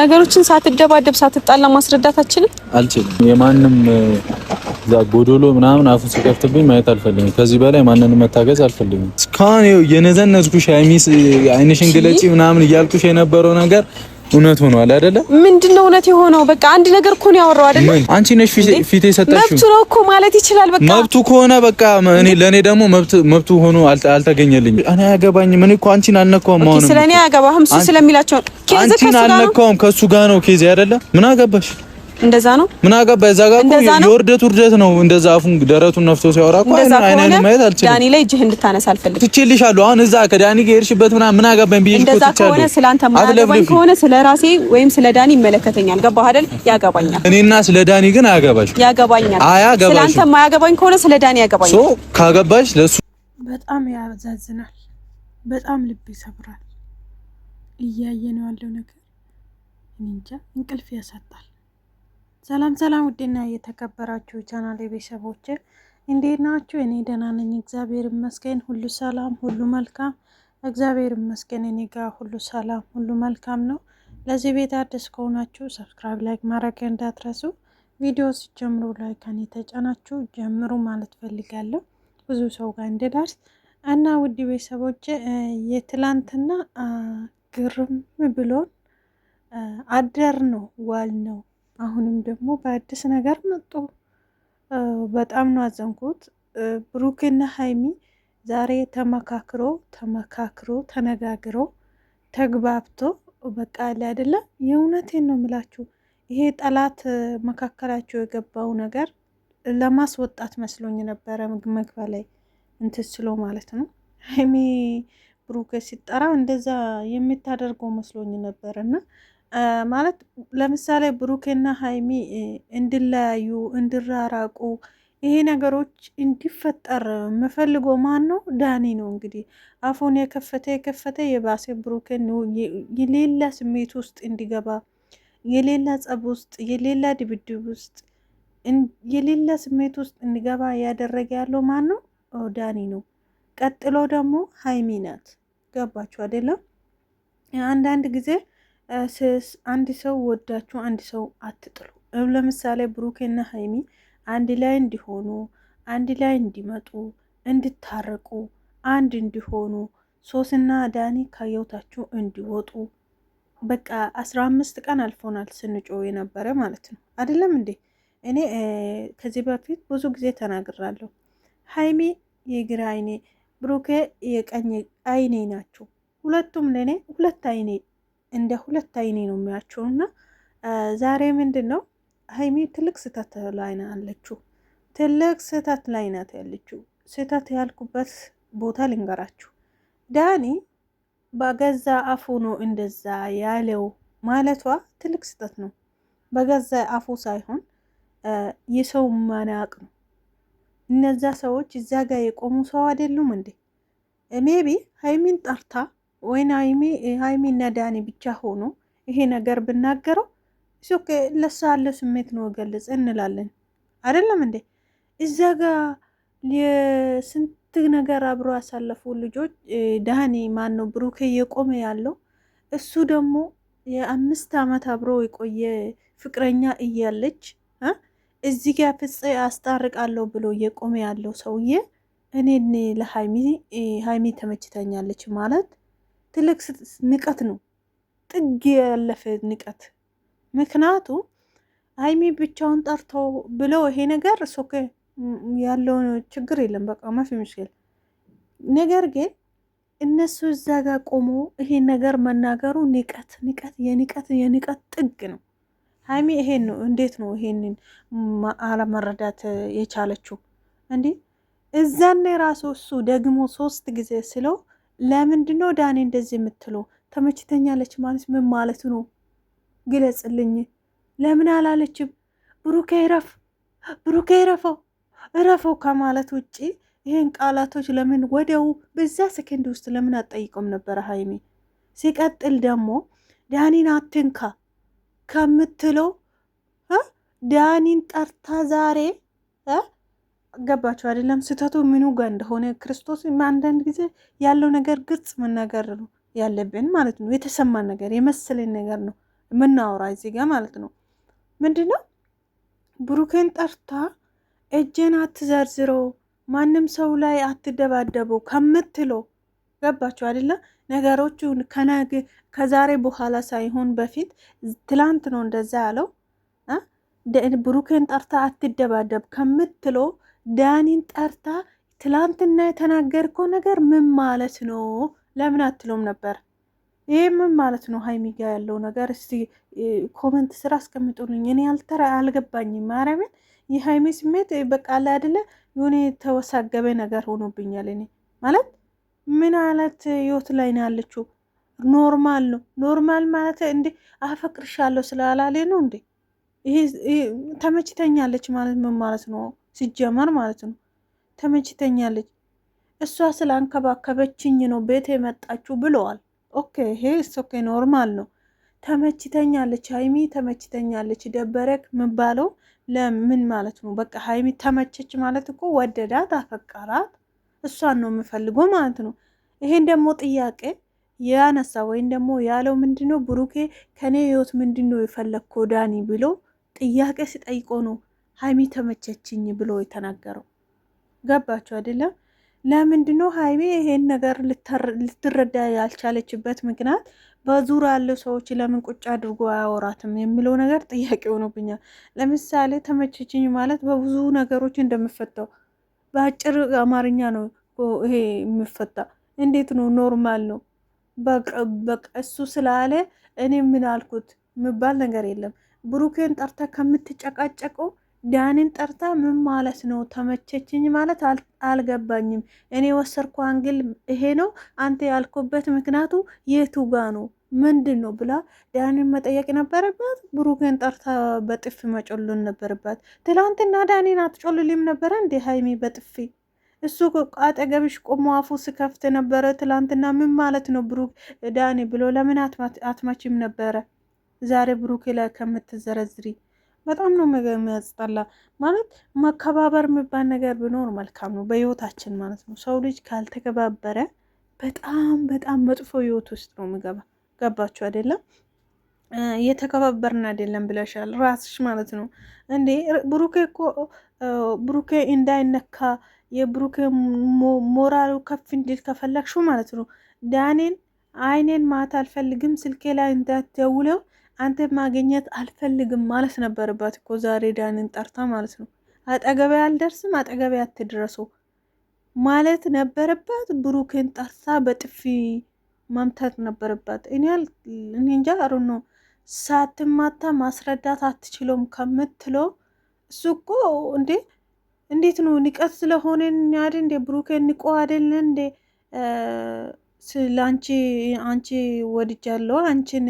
ነገሮችን ሳትደባደብ ሳትጣላ አችልም አልችልም። የማንም ዛ ጎዶሎ ምናምን አፉን ሲከፍትብኝ ማየት አልፈልግም። ከዚህ በላይ ማንንም መታገዝ አልፈልግም። እስካሁን የነዘነዝኩሽ አይሚስ አይንሽን ግለጪ ምናምን እያልኩሽ የነበረው ነገር እውነት ሆኗል አይደለ? ምንድን ነው እውነት የሆነው? በቃ አንድ ነገር እኮ ነው ያወራው አይደለ? አንቺ ነሽ ፊቴ ሰጠሽው። መብቱ ነው እኮ ማለት ይችላል። በቃ መብቱ ከሆነ በቃ እኔ ለኔ ደግሞ መብቱ መብቱ ሆኖ አልተገኘልኝም። እኔ አያገባኝም። እኔ እኮ አንቺን አልነካውም። ማሆነ ስለኔ አያገባህም። እሱ ስለሚላቸው ኬዝ ከሱ ጋር ነው። ከሱ ጋር ነው ኬዝ አይደለ? ምን አገባሽ? እንደዛ ነው። ምን አጋ በዛ ጋር እኮ የውርደት ውርደት ነው። እንደዛ አፉን ደረቱን ነፍቶ ሲያወራ እኮ አይናን ማየት አልችልም። ዳኒ ላይ እጅህ እንድታነሳ አልፈልግም። ትቼልሻለሁ። አሁን እዛ ከዳኒ ጋር የሄድሽበት ምናምን ምን አጋ ብዬሽ እኮ ትቻለሁ። እንደዛ ከሆነ ስለ አንተ ማለበኝ ከሆነ ስለ ራሴ ወይም ስለ ዳኒ ይመለከተኛል። ገባህ አይደል? ያገባኛል። እኔና ስለ ዳኒ ግን አያገባሽ። ያገባኛል። አያገባሽ። ስለ አንተ ማያገባኝ ከሆነ ስለ ዳኒ ያገባኛል። ሶ ካገባሽ ለሱ በጣም ያዛዝናል። በጣም ልብ ይሰብራል። እያየነው ያለው ነገር እንጃ እንቅልፍ ያሳጣል። ሰላም ሰላም፣ ውድና የተከበራችሁ ቻናል ቤተሰቦች እንዴት ናችሁ? እኔ ደህና ነኝ፣ እግዚአብሔር ይመስገን። ሁሉ ሰላም፣ ሁሉ መልካም፣ እግዚአብሔር ይመስገን። እኔ ጋር ሁሉ ሰላም፣ ሁሉ መልካም ነው። ለዚህ ቤት አዲስ ከሆናችሁ ሰብስክራይብ፣ ላይክ ማድረግ እንዳትረሱ። ቪዲዮ ሲጀምሩ ከኔ የተጫናችሁ ጀምሩ ማለት ፈልጋለሁ ብዙ ሰው ጋር እንድደርስ እና ውድ ቤተሰቦች የትላንትና ግርም ብሎን አደር ነው ዋል ነው አሁንም ደግሞ በአዲስ ነገር መጡ። በጣም ነው አዘንኩት። ብሩክና ሀይሚ ዛሬ ተመካክሮ ተመካክሮ ተነጋግሮ ተግባብቶ በቃ አለ አይደለም። የእውነቴን ነው የምላችሁ ይሄ ጠላት መካከላቸው የገባው ነገር ለማስወጣት መስሎኝ ነበረ። መግባ ላይ እንትን ስሎ ማለት ነው ሀይሚ ብሩክ ሲጠራ እንደዛ የምታደርገው መስሎኝ ነበረ እና ማለት ለምሳሌ ብሩኬና ሀይሚ እንድለያዩ እንድራራቁ ይሄ ነገሮች እንዲፈጠር የምፈልጎ ማን ነው? ዳኒ ነው። እንግዲህ አፉን የከፈተ የከፈተ የባሴ ብሩኬን የሌላ ስሜት ውስጥ እንዲገባ የሌላ ጸብ ውስጥ የሌላ ድብድብ ውስጥ የሌላ ስሜት ውስጥ እንዲገባ እያደረገ ያለው ማን ነው? ዳኒ ነው። ቀጥሎ ደግሞ ሀይሚ ናት። ገባችሁ አይደለም? አንዳንድ ጊዜ ስስ አንድ ሰው ወዳችሁ አንድ ሰው አትጥሉ። ለምሳሌ ብሩኬና ሀይሚ አንድ ላይ እንዲሆኑ አንድ ላይ እንዲመጡ እንድታረቁ አንድ እንዲሆኑ ሶስና ዳኒ ካየውታችሁ እንዲወጡ በቃ አስራ አምስት ቀን አልፎናል ስንጮ የነበረ ማለት ነው። አይደለም እንዴ? እኔ ከዚህ በፊት ብዙ ጊዜ ተናግራለሁ። ሀይሚ የግራ አይኔ ብሩኬ የቀኝ አይኔ ናቸው። ሁለቱም ለእኔ ሁለት አይኔ እንደ ሁለት አይኔ ነው የሚያቸው እና ዛሬ ምንድን ነው ሀይሚ ትልቅ ስህተት ላይ አለችው። ትልቅ ስህተት ላይ ናት ያለችው። ስህተት ያልኩበት ቦታ ልንገራችሁ። ዳኒ በገዛ አፉ ነው እንደዛ ያለው ማለቷ ትልቅ ስህተት ነው። በገዛ አፉ ሳይሆን የሰው መናቅ ነው። እነዛ ሰዎች እዛ ጋር የቆሙ ሰው አይደሉም እንዴ? ሜቢ ሀይሚን ጠርታ ወይን ሀይሚ ሀይሚ እና ዳኒ ብቻ ሆኖ ይሄ ነገር ብናገረው ሶኬ ለሳ ስሜት ነው ገልጽ እንላለን። አይደለም እንዴ እዛ ጋ የስንት ነገር አብሮ ያሳለፉ ልጆች ዳኒ ማን ነው ብሩኬ የቆመ ያለው እሱ ደግሞ የአምስት አመት አብሮ የቆየ ፍቅረኛ እያለች እዚህ ጋ ፍጽ አስጣርቃለሁ ብሎ የቆመ ያለው ሰውዬ እኔ ለሀይሚ ሀይሚ ተመችተኛለች ማለት ትልቅ ንቀት ነው፣ ጥግ ያለፈ ንቀት። ምክንያቱ ሀይሚ ብቻውን ጠርቶ ብሎ ይሄ ነገር ሶኬ ያለው ችግር የለም በቃ ማፊ ምስል ነገር ግን እነሱ እዛ ጋር ቆሞ ይሄ ነገር መናገሩ ንቀት ንቀት የንቀት የንቀት ጥግ ነው። ሀይሚ ይሄን ነው እንዴት ነው ይሄንን አለመረዳት የቻለችው? እንዲህ እዛኔ ራሱ እሱ ደግሞ ሶስት ጊዜ ስለው ለምንድን ነው ዳኔ እንደዚህ የምትለው? ተመችተኛለች ማለት ምን ማለት ነው? ግለጽልኝ። ለምን አላለችም? ብሩኬ ረፍ፣ ብሩኬ ረፈው፣ ረፈው ከማለት ውጭ ይህን ቃላቶች ለምን ወደው በዛ ሰከንድ ውስጥ ለምን አጠይቀም ነበረ ሀይሚ? ሲቀጥል ደግሞ ዳኒን አትንካ ከምትለው ዳኒን ጠርታ ዛሬ ገባቸው አይደለም። ስህተቱ ምኑ ጋር እንደሆነ ክርስቶስ አንዳንድ ጊዜ ያለው ነገር ግልጽ መናገር ያለብን ማለት ነው። የተሰማን ነገር የመሰለን ነገር ነው የምናወራ እዚህ ጋር ማለት ነው። ምንድነው ብሩኬን ጠርታ እጄን አትዘርዝረው ማንም ሰው ላይ አትደባደቡ ከምትሎ ገባችሁ አይደለ? ነገሮቹ ከዛሬ በኋላ ሳይሆን በፊት ትላንት ነው እንደዛ ያለው ብሩኬን ጠርታ አትደባደብ ከምትለው። ዳኒን ጠርታ ትላንትና የተናገርከው ነገር ምን ማለት ነው? ለምን አትሎም ነበር? ይህ ምን ማለት ነው? ሀይሚ ጋ ያለው ነገር እስቲ ኮመንት ስራ አስቀምጡልኝ። እኔ አልተራ አልገባኝም። ማርያምን የሀይሚ ስሜት በቃ ላይ አይደለ የሆነ የተወሳገበ ነገር ሆኖብኛል። እኔ ማለት ምን አለት ህይወት ላይ ነው ያለችው? ኖርማል ነው ኖርማል ማለት እንዴ አፈቅርሻለሁ ስላላሌ ነው እንዴ? ይሄ ተመችተኛለች ማለት ምን ማለት ነው? ሲጀመር ማለት ነው። ተመችተኛለች እሷ ስላንከባከበችኝ ነው ቤት የመጣችሁ ብለዋል። ኦኬ ይሄ ኦኬ ኖርማል ነው። ተመችተኛለች ሀይሚ ተመችተኛለች። ደበረክ ምባለው ለምን ማለት ነው? በቃ ሀይሚ ተመቸች ማለት እኮ ወደዳት፣ አፈቀራት፣ እሷን ነው የምፈልገው ማለት ነው። ይሄን ደግሞ ጥያቄ ያነሳ ወይም ደግሞ ያለው ምንድነው ብሩኬ ከኔ ህይወት ምንድነው የፈለግከው ዳኒ ብሎ ጥያቄ ሲጠይቆ ነው ሀይሚ ተመቸችኝ ብሎ የተናገረው ገባችሁ አይደለም? ለምንድነው ሀይሚ ይሄን ነገር ልትረዳ ያልቻለችበት ምክንያት በዙር ያለው ሰዎች ለምን ቁጭ አድርጎ አያወራትም የሚለው ነገር ጥያቄ ሆኖብኛል። ለምሳሌ ተመቸችኝ ማለት በብዙ ነገሮች እንደምፈታው በአጭር አማርኛ ነው ይሄ የሚፈታ። እንዴት ነው ኖርማል ነው በቃ ስላለ እኔ ምን አልኩት የሚባል ነገር የለም። ብሩኬን ጠርተ ከምትጨቃጨቀው ዳኒን ጠርታ ምን ማለት ነው? ተመቸችኝ ማለት አልገባኝም። እኔ ወሰርኩ አንግል ይሄ ነው አንተ ያልኩበት ምክንያቱ የቱ ጋ ነው ምንድን ነው ብላ ዳኒን መጠየቅ ነበረባት። ብሩክን ጠርታ በጥፊ መጮልን ነበረባት። ትላንትና ዳኒን አትጮልልም ነበረ እንዴ ሀይሚ በጥፊ? እሱ አጠገብሽ ቆሞ አፉ ስከፍት ነበረ ትላንትና። ምን ማለት ነው ብሩክ ዳኒ ብሎ ለምን አትማችም ነበረ ዛሬ ብሩክ ላይ ከምትዘረዝሪ በጣም ነው የሚያስጠላ። ማለት መከባበር የሚባል ነገር ቢኖር መልካም ነው በህይወታችን ማለት ነው። ሰው ልጅ ካልተከባበረ በጣም በጣም መጥፎ ህይወት ውስጥ ነው የሚገባ። ገባችሁ አይደለም? እየተከባበርን አይደለም ብለሻል ራስሽ ማለት ነው እንዴ። ብሩኬ እኮ ብሩኬ እንዳይነካ የብሩኬ ሞራሉ ከፍ እንዲል ከፈለግሹ ማለት ነው ዳኔን አይኔን ማታ አልፈልግም ስልኬ ላይ እንዳትደውለው አንተ ማግኘት አልፈልግም ማለት ነበረባት እኮ ዛሬ ዳንን ጠርታ ማለት ነው። አጠገቤ አልደርስም፣ አጠገቤ አትድረሰው ማለት ነበረባት። ብሩክን ጠርታ በጥፊ መምታት ነበረባት። እኔ እንጃ አሩ ነው ሳትማታ ማስረዳት አትችሎም ከምትለው እሱ እኮ እንዴ እንዴት ነው ንቀት ስለሆነ ያድ እንዴ ብሩክን ንቆ አይደለ እንዴ ስለ አንቺ አንቺ ወድጃለሁ አንቺን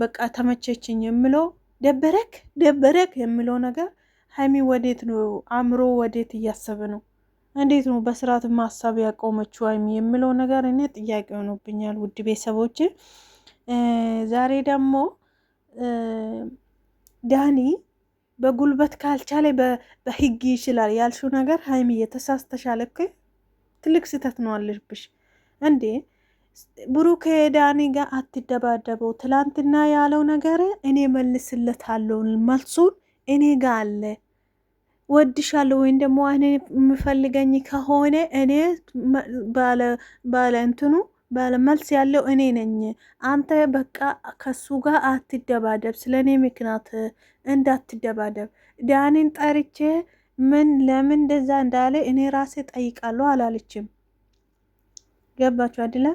በቃ ተመቸችኝ የምለው ደበረክ ደበረክ የምለው ነገር ሀይሚ ወዴት ነው አእምሮ ወዴት እያሰበ ነው? እንዴት ነው በስርዓት ማሳብ ያቆመችው ሀይሚ የምለው ነገር እኔ ጥያቄ ሆኖብኛል። ውድ ቤተሰቦች ዛሬ ደግሞ ዳኒ በጉልበት ካልቻለ በህግ ይችላል ያልሽው ነገር ሀይሚ የተሳስተሻል። ትልቅ ስህተት ነው አለብሽ እንዴ ብሩ ዳኒ ጋር አትደባደቡ። ትላንትና ያለው ነገር እኔ መልስለታለሁ። መልሱን እኔ ጋ አለ። ወድሻለሁ ወይም ደግሞ እኔ የምፈልገኝ ከሆነ እኔ ባለ እንትኑ ባለ መልስ ያለው እኔ ነኝ። አንተ በቃ ከሱ ጋር አትደባደብ፣ ስለ እኔ ምክንያት እንዳትደባደብ። ዳኒን ጠርቼ ምን ለምን እንደዛ እንዳለ እኔ ራሴ ጠይቃለሁ አላለችም። ገባችሁ አይደለ?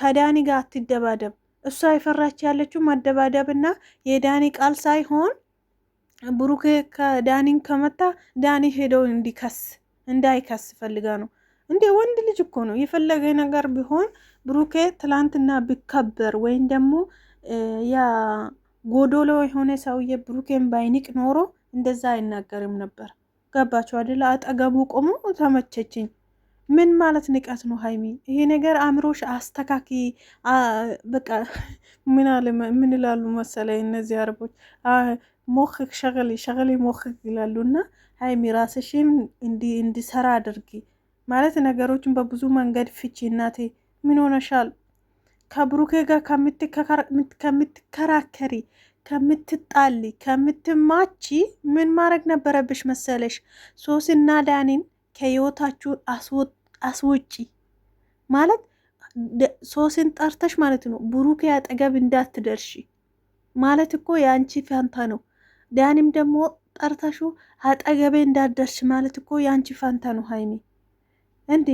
ከዳኒ ጋር አትደባደብ። እሷ የፈራች ያለችው ና የዳኒ ቃል ሳይሆን ብሩኬ ከዳኒን ከመታ ዳኒ ሄደው እንዲከስ እንዳይከስ ፈልጋ ነው። እንዴ ወንድ ልጅ እኮ ነው። የፈለገ ነገር ቢሆን ብሩኬ ትላንትና ቢከበር ወይም ደግሞ ያ ጎዶሎ የሆነ ሰውዬ ብሩኬን ባይንቅ ኖሮ እንደዛ አይናገርም ነበር። ገባቸው አይደለ? አጠገቡ ቆሞ ተመቸችኝ ምን ማለት ንቀት ነው ሀይሚ? ይሄ ነገር አእምሮሽ አስተካኪ። በቃ ምን አለ ምን ይላሉ መሰለኝ እነዚህ አረቦች ሞክክ ሸቅሊ ሸቅሊ ሞክክ ይላሉ። እና ሀይሚ ራስሽን እንዲሰራ አድርጊ ማለት ነገሮችን በብዙ መንገድ ፍቺ። እናቴ ምን ሆነሻል? ከብሩኬ ጋር ከምትከራከሪ ከምትጣሊ ከምትማቺ ምን ማድረግ ነበረብሽ መሰለሽ? ሶስና ዳኒን ከህይወታችሁ አስወጥ አስውጪ ማለት ሶስን ጠርተሽ ማለት ነው። ብሩኬ አጠገብ እንዳትደርሺ ማለት እኮ የአንቺ ፋንታ ነው። ዳኒም ደግሞ ጠርተሹ አጠገቤ እንዳትደርሽ ማለት እኮ የአንቺ ፋንታ ነው። ሀይሚ እንዴ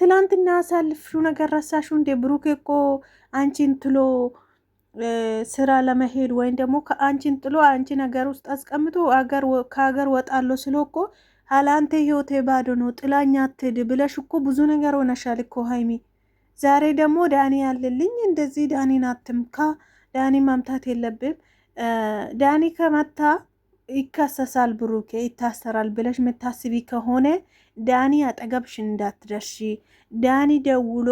ትላንትና አሳልፍሹ ነገር ረሳሹ እንዴ? ብሩኬ እኮ አንቺን ትሎ ስራ ለመሄድ ወይም ደግሞ ከአንቺን ጥሎ አንቺ ነገር ውስጥ አስቀምጦ ከሀገር ወጣለሁ ስለ እኮ አላንተ ህይወቴ ባዶ ነው ጥላኛ አትሄድ ብለሽ እኮ ብዙ ነገር ሆነሻል እኮ ሀይሚ። ዛሬ ደግሞ ዳኒ ያለልኝ እንደዚህ ዳኒን አትምካ፣ ዳኒ ማምታት የለብም ዳኒ ከመታ ይከሰሳል፣ ብሩኬ ይታሰራል ብለሽ የምታስቢ ከሆነ ዳኒ አጠገብሽ እንዳትደርሺ። ዳኒ ደውሎ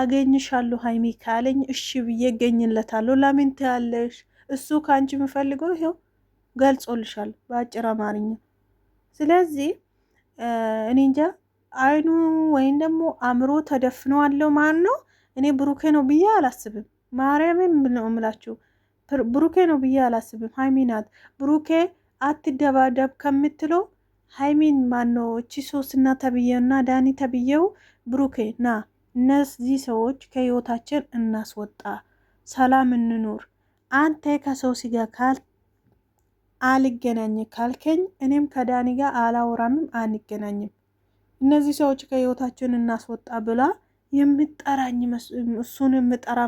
አገኝሻለሁ ሀይሚ ካለኝ እሺ ብዬ ገኝለታለሁ። ለምን ትያለሽ? እሱ ከአንቺ የምፈልገው ይኸው ገልጾልሻል በአጭር አማርኛ ስለዚህ እኔ እንጃ አይኑ ወይም ደግሞ አእምሮ ተደፍኖ አለው ማን ነው እኔ ብሩኬ ነው ብዬ አላስብም። ማርያምን ነው እምላችሁ ብሩኬ ነው ብዬ አላስብም። ሀይሚ ናት ብሩኬ አትደባደብ ከምትለው ሀይሚን ማነው እቺ ሶስትና ተብዬውና ዳኒ ተብዬው ብሩኬ ና እነዚህ ሰዎች ከህይወታችን እናስወጣ፣ ሰላም እንኑር። አንተ ከሰው ሲጋ ካል አልገናኝ ካልከኝ እኔም ከዳኒ ጋር አላወራምም አንገናኝም፣ እነዚህ ሰዎች ከህይወታችን እናስወጣ ብላ የምጠራኝ እሱን የምጠራ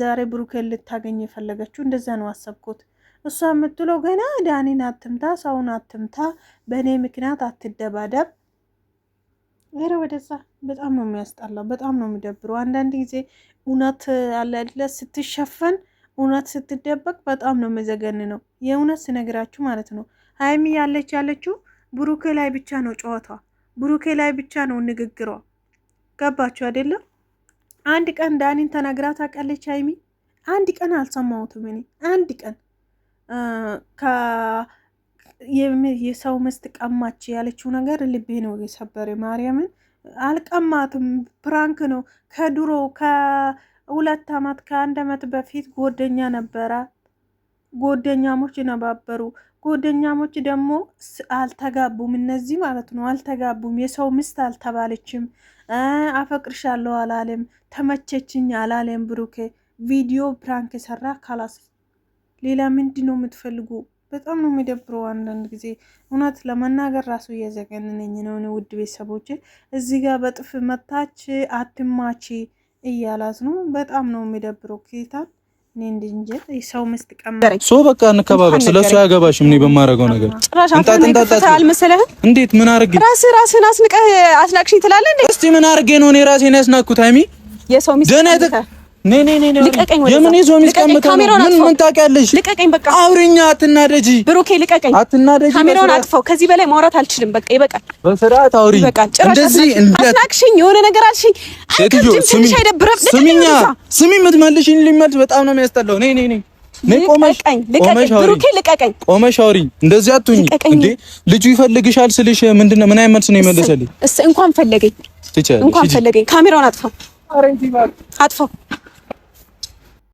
ዛሬ ብሩኬን ልታገኝ የፈለገችው እንደዛ ነው አሰብኩት። እሷ የምትለው ገና ዳኒን አትምታ፣ ሰውን አትምታ፣ በእኔ ምክንያት አትደባደብ። ኧረ ወደዛ። በጣም ነው የሚያስጠላው፣ በጣም ነው የሚደብረው። አንዳንድ ጊዜ እውነት አለ ስትሸፈን እውነት ስትደበቅ በጣም ነው መዘገን ነው የእውነት ስነግራችሁ ማለት ነው። ሀይሚ ያለች ያለችው ብሩኬ ላይ ብቻ ነው ጨዋታ፣ ብሩኬ ላይ ብቻ ነው ንግግሯ። ገባችሁ አይደለም? አንድ ቀን ዳኒን ተናግራ ታውቃለች ሀይሚ? አንድ ቀን አልሰማሁትም እኔ አንድ ቀን የሰው ምስት ቀማች ያለችው ነገር ልቤ ነው የሰበረ ማርያምን አልቀማትም። ፕራንክ ነው ከድሮ ከሁለት ዓመት ከአንድ ዓመት በፊት ጎደኛ ነበረ። ጎደኛሞች ነበሩ። ጎደኛሞች ደግሞ አልተጋቡም። እነዚህ ማለት ነው አልተጋቡም። የሰው ሚስት አልተባለችም። አፈቅርሻለሁ አላለም። ተመቸችኝ አላለም። ብሩኬ ቪዲዮ ፕራንክ የሰራ ካላስ ሌላ ምንድ ነው የምትፈልጉ? በጣም ነው የሚደብረው። አንዳንድ ጊዜ እውነት ለመናገር ራሱ እያዘገነነኝ ነው። ውድ ቤተሰቦች እዚህ ጋር በጥፍ መታች አትማቺ እያላት ነው። በጣም ነው የሚደብረው። ኬታ ሰው ሶ በቃ እንከባበር። ስለ እሱ አያገባሽም። እኔ በማረገው ነገር እንዴት ምን አርግ ራስ ራስህን አስንቀህ አስናቅሽኝ ትላለህ እንዴ? እስቲ ምን አርጌ ነው እኔ ራሴን ያስናኩት? ሀይሚ የሰው ሚስት ኔ ኔ ኔ ልቀቀኝ። ይዞ ምን ምን ልቀቀኝ በቃ አውሪኛ። አትናደጂ ልቀቀኝ፣ አትናደጂ። ካሜራውን አጥፈው። ከዚህ በላይ ማውራት አልችልም። በቃ ይበቃል። በስርዓት አውሪ። እንደዚህ አስናቅሽኝ፣ የሆነ ነገር አልሽኝ። ስሚ፣ ስሚኛ፣ ስሚ። ሊመልስ በጣም ነው የሚያስጠላው። ነይ ነይ ነይ ቆመሽ እንደዚህ አትሁኝ ልጁ ይፈልግሻል ስልሽ ምንድን ነው? ምን አይነት መልስ ነው የመለሰልኝ? እንኳን ፈለገኝ፣ እንኳን ፈለገኝ። ካሜራውን አጥፋው፣ አጥፋው